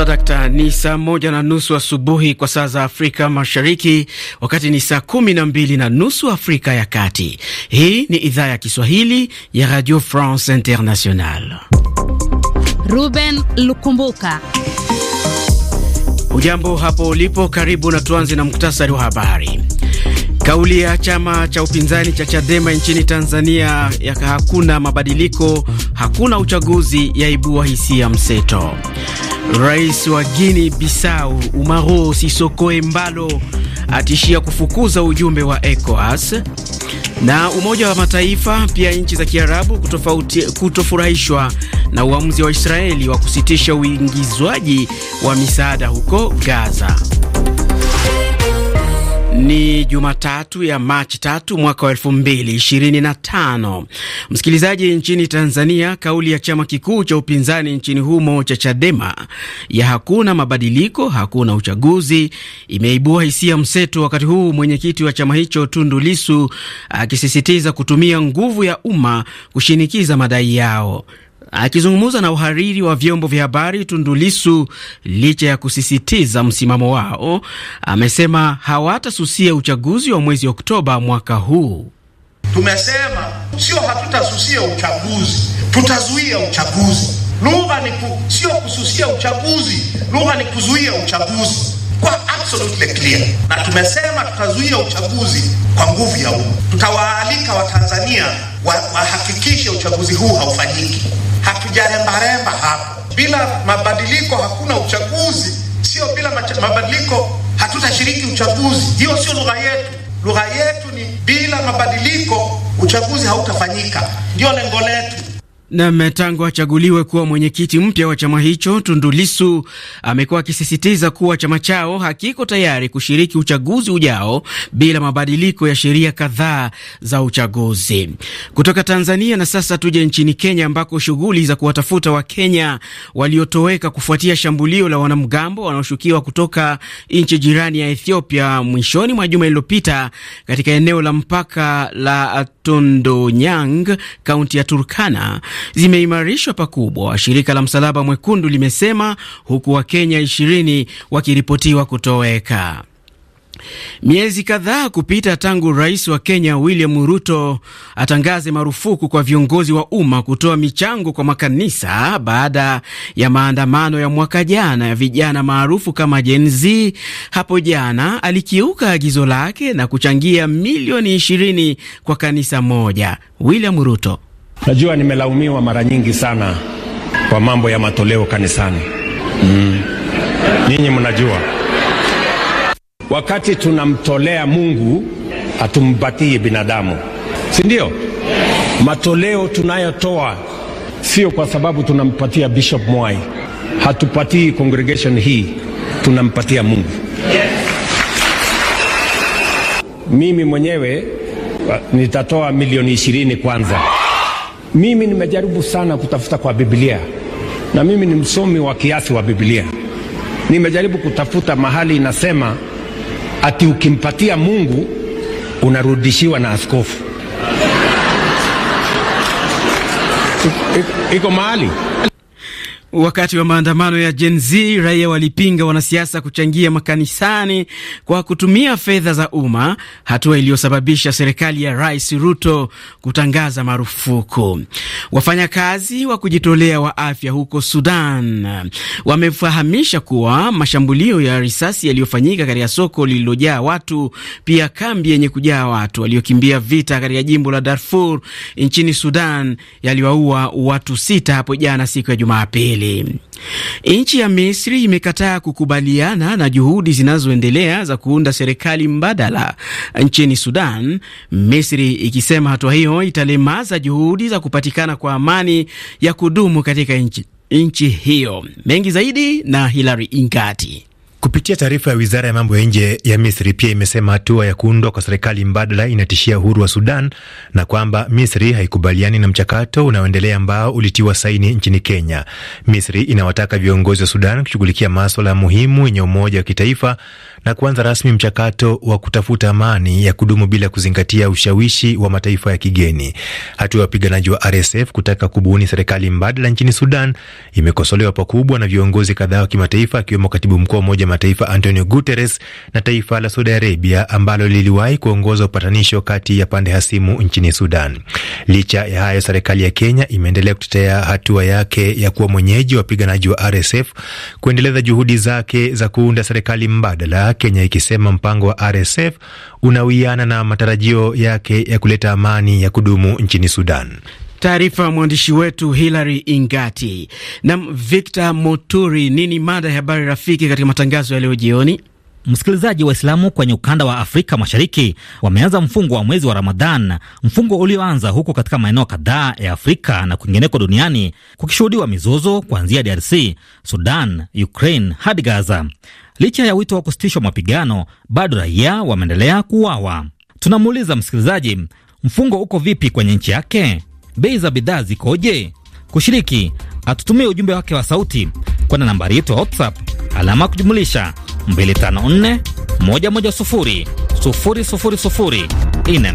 dakta, ni saa moja na nusu asubuhi kwa saa za Afrika Mashariki, wakati ni saa kumi na mbili na nusu Afrika ya Kati. Hii ni idhaa ya Kiswahili ya Radio France International. Ruben Lukumbuka, ujambo hapo ulipo, karibu na tuanze na muktasari wa habari. Kauli ya chama cha upinzani cha Chadema nchini Tanzania ya hakuna mabadiliko, hakuna uchaguzi yaibua hisia ya mseto. Rais wa guini Bissau Umaro Sisoko Embalo atishia kufukuza ujumbe wa ECOWAS na Umoja wa Mataifa. Pia nchi za Kiarabu kutofurahishwa na uamuzi wa Israeli wa kusitisha uingizwaji wa misaada huko Gaza. Ni Jumatatu ya Machi tatu mwaka wa elfu mbili ishirini na tano. Msikilizaji, nchini Tanzania, kauli ya chama kikuu cha upinzani nchini humo cha Chadema ya hakuna mabadiliko, hakuna uchaguzi imeibua hisia mseto, wakati huu mwenyekiti wa chama hicho Tundu Lisu akisisitiza kutumia nguvu ya umma kushinikiza madai yao. Akizungumza na uhariri wa vyombo vya habari, Tundulisu, licha ya kusisitiza msimamo wao, amesema hawatasusia uchaguzi wa mwezi Oktoba mwaka huu. Tumesema sio, hatutasusia uchaguzi, tutazuia uchaguzi. Lugha ni ku, sio kususia uchaguzi, lugha ni kuzuia uchaguzi kwa absolutely clear, na tumesema tutazuia uchaguzi kwa nguvu ya umma. Tutawaalika Watanzania wahakikishe uchaguzi huu haufanyiki hatujarembaremba hapo. Bila mabadiliko hakuna uchaguzi, sio bila mabadiliko hatutashiriki uchaguzi. Hiyo sio lugha yetu. Lugha yetu ni bila mabadiliko uchaguzi hautafanyika, ndio lengo letu. Nam, tangu achaguliwe kuwa mwenyekiti mpya wa chama hicho, Tundu Lissu amekuwa akisisitiza kuwa chama chao hakiko tayari kushiriki uchaguzi ujao bila mabadiliko ya sheria kadhaa za uchaguzi. Kutoka Tanzania na sasa tuje nchini Kenya, ambako shughuli za kuwatafuta Wakenya waliotoweka kufuatia shambulio la wanamgambo wanaoshukiwa kutoka nchi jirani ya Ethiopia mwishoni mwa juma lililopita katika eneo la mpaka la Tondonyang, kaunti ya Turkana zimeimarishwa pakubwa, shirika la Msalaba Mwekundu limesema, huku Wakenya 20 wakiripotiwa kutoweka. Miezi kadhaa kupita tangu rais wa Kenya William Ruto atangaze marufuku kwa viongozi wa umma kutoa michango kwa makanisa baada ya maandamano ya mwaka jana ya vijana maarufu kama Gen Z, hapo jana alikiuka agizo lake na kuchangia milioni 20 kwa kanisa moja. William Ruto Najua nimelaumiwa mara nyingi sana kwa mambo ya matoleo kanisani. Mm. Nyinyi mnajua wakati tunamtolea Mungu hatumpatii binadamu, si ndio? Matoleo tunayotoa sio kwa sababu tunampatia Bishop Mwai, hatupatii congregation hii, tunampatia Mungu. Mimi mwenyewe uh, nitatoa milioni ishirini kwanza. Mimi nimejaribu sana kutafuta kwa Biblia, na mimi ni msomi wa kiasi wa Biblia. Nimejaribu kutafuta mahali inasema ati ukimpatia Mungu unarudishiwa na askofu. Iko mahali Wakati wa maandamano ya Gen Z, raia walipinga wanasiasa kuchangia makanisani kwa kutumia fedha za umma, hatua iliyosababisha serikali ya Rais Ruto kutangaza marufuku. Wafanyakazi wa kujitolea wa afya huko Sudan wamefahamisha kuwa mashambulio ya risasi yaliyofanyika katika soko lililojaa watu, pia kambi yenye kujaa watu waliokimbia vita katika jimbo la Darfur nchini Sudan, yaliwaua watu sita hapo jana siku ya Jumapili mbele. Nchi ya Misri imekataa kukubaliana na juhudi zinazoendelea za kuunda serikali mbadala nchini Sudan, Misri ikisema hatua hiyo italemaza juhudi za kupatikana kwa amani ya kudumu katika nchi nchi hiyo. Mengi zaidi na Hilary Ingati. Kupitia taarifa ya wizara ya mambo ya nje ya Misri pia imesema hatua ya kuundwa kwa serikali mbadala inatishia uhuru wa Sudan na kwamba Misri haikubaliani na mchakato unaoendelea ambao ulitiwa saini nchini Kenya. Misri inawataka viongozi wa Sudan kushughulikia maswala muhimu yenye umoja wa kitaifa na kuanza rasmi mchakato wa kutafuta amani ya kudumu bila kuzingatia ushawishi wa mataifa ya kigeni. Hatua ya wapiganaji wa RSF kutaka kubuni serikali mbadala nchini Sudan imekosolewa pakubwa na viongozi kadhaa wa kimataifa akiwemo katibu mkuu wa Umoja Mataifa Antonio Guterres na taifa la Saudi Arabia ambalo liliwahi kuongoza upatanisho kati ya pande hasimu nchini Sudan. Licha ya hayo, serikali ya Kenya imeendelea kutetea hatua yake ya kuwa mwenyeji wa wapiganaji wa RSF kuendeleza juhudi zake za kuunda serikali mbadala, Kenya ikisema mpango wa RSF unawiana na matarajio yake ya kuleta amani ya kudumu nchini Sudan. Taarifa mwandishi wetu Hilary Ingati. Na Victor Moturi, nini mada ya habari rafiki katika matangazo ya leo jioni? Msikilizaji, Waislamu kwenye ukanda wa Afrika Mashariki wameanza mfungo wa mwezi wa Ramadhan, mfungo ulioanza huko katika maeneo kadhaa ya Afrika na kwingineko duniani kukishuhudiwa mizozo kuanzia DRC, Sudan, Ukraine hadi Gaza. Licha ya wito wa kusitishwa mapigano, bado raia wameendelea kuuawa. Tunamuuliza msikilizaji, mfungo uko vipi kwenye nchi yake? bei za bidhaa zikoje? Kushiriki atutumie ujumbe wake wa sauti kwenda nambari yetu ya WhatsApp alama kujumulisha 254 110 000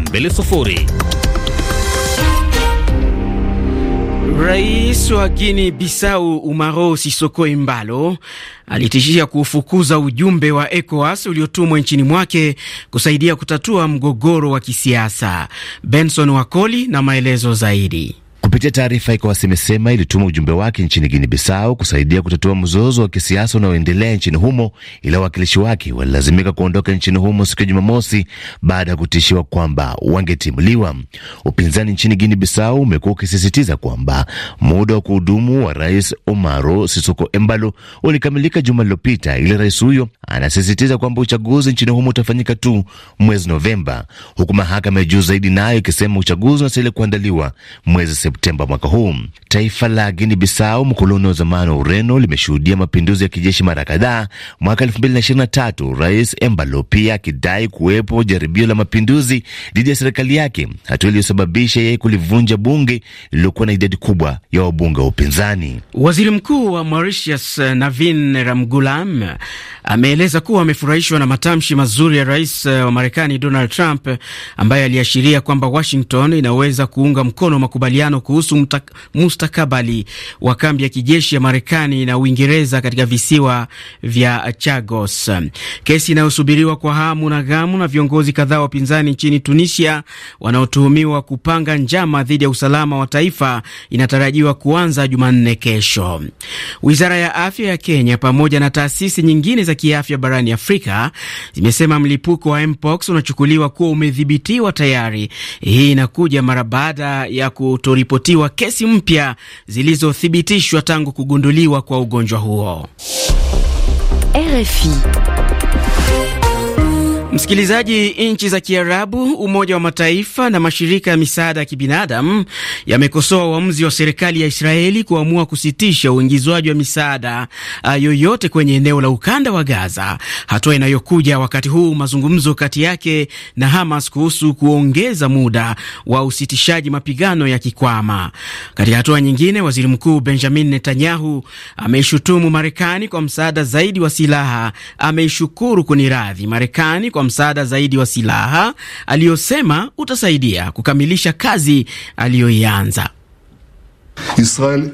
420. Rais wa Guinea Bisau Umaro Sisoko Imbalo alitishia kuufukuza ujumbe wa ECOWAS uliotumwa nchini mwake kusaidia kutatua mgogoro wa kisiasa. Benson Wakoli na maelezo zaidi. Kupitia taarifa, ECOWAS imesema ilituma ujumbe wake nchini Guinea Bissau kusaidia kutatua mzozo wa kisiasa unaoendelea nchini humo, ila wawakilishi wake walilazimika kuondoka nchini humo siku ya Jumamosi baada ya kutishiwa kwamba wangetimuliwa. Upinzani nchini Guinea Bissau umekuwa ukisisitiza kwamba muda wa kuhudumu wa rais Omaro Sisoko Embalo ulikamilika juma lililopita, ili rais huyo anasisitiza kwamba uchaguzi nchini humo utafanyika tu mwezi Novemba, huku mahakama ya juu zaidi nayo ikisema uchaguzi unastahili kuandaliwa mwezi Septemba. Septemba mwaka huu. Taifa la Guinea Bisau, mkoloni wa zamani wa Ureno, limeshuhudia mapinduzi ya kijeshi mara kadhaa. Mwaka 2023 Rais Embalo pia akidai kuwepo jaribio la mapinduzi dhidi ya serikali yake, hatua iliyosababisha yeye kulivunja bunge lililokuwa na idadi kubwa ya wabunge wa upinzani. Waziri Mkuu wa Mauritius Navin Ramgulam ameeleza kuwa amefurahishwa na matamshi mazuri ya rais wa Marekani Donald Trump ambaye aliashiria kwamba Washington inaweza kuunga mkono makubaliano kuhusu mustakabali wa kambi ya kijeshi ya Marekani na Uingereza katika visiwa vya Chagos, kesi inayosubiriwa kwa hamu na gamu na viongozi kadhaa wapinzani nchini Tunisia wanaotuhumiwa kupanga njama dhidi ya usalama wa taifa inatarajiwa kuanza Jumanne kesho. Wizara ya afya ya Kenya pamoja na taasisi nyingine za kiafya barani Afrika zimesema mlipuko wa mpox unachukuliwa kuwa umedhibitiwa tayari. Hii inakuja mara baada ya kutoripo kuripotiwa kesi mpya zilizothibitishwa tangu kugunduliwa kwa ugonjwa huo. RFI Msikilizaji, nchi za Kiarabu, Umoja wa Mataifa na mashirika ya misaada ya kibinadamu yamekosoa uamuzi wa serikali ya Israeli kuamua kusitisha uingizwaji wa misaada ah, yoyote kwenye eneo la ukanda wa Gaza, hatua inayokuja wakati huu mazungumzo kati yake na Hamas kuhusu kuongeza muda wa usitishaji mapigano ya kikwama. Katika hatua nyingine, waziri mkuu Benjamin Netanyahu ameishutumu Marekani kwa msaada zaidi wa silaha. Ameishukuru kuniradhi Marekani kwa msaada zaidi wa silaha aliyosema utasaidia kukamilisha kazi aliyoianza. Israel,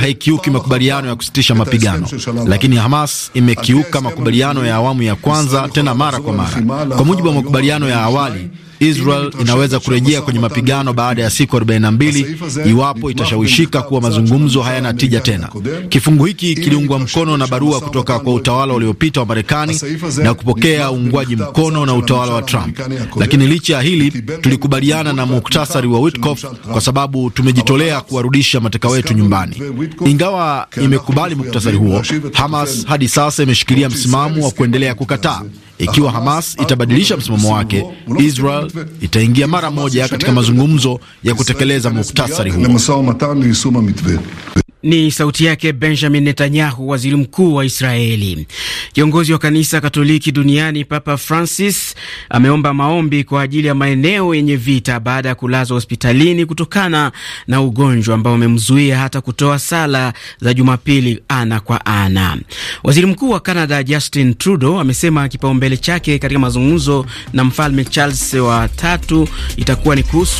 haikiuki makubaliano ya kusitisha mapigano, lakini Hamas imekiuka makubaliano ya awamu ya kwanza tena mara kwa mara. Kwa mujibu wa makubaliano ya awali, Israel inaweza kurejea kwenye mapigano baada ya siku 42 iwapo itashawishika kuwa mazungumzo hayana tija tena. Kifungu hiki kiliungwa mkono na barua kutoka kwa utawala uliopita wa Marekani na kupokea uungwaji mkono na utawala wa Trump, lakini licha ya hili tulikubaliana na muktasari wa Witkoff kwa sababu tumejitolea kuwarudisha mateka wetu nyumbani. Ingawa imekubali muktasari huo, Hamas hadi sasa imeshikilia msimamo wa kuendelea kukataa ikiwa Hamas itabadilisha msimamo wake, Israel itaingia mara moja katika mazungumzo ya kutekeleza muktasari huo. Ni sauti yake Benjamin Netanyahu, waziri mkuu wa Israeli. Kiongozi wa kanisa Katoliki duniani Papa Francis ameomba maombi kwa ajili ya maeneo yenye vita baada ya kulazwa hospitalini kutokana na ugonjwa ambao umemzuia hata kutoa sala za Jumapili ana kwa ana. Waziri mkuu wa Canada Justin Trudeau amesema kipaumbele chake katika mazungumzo na mfalme Charles wa tatu itakuwa ni kuhusu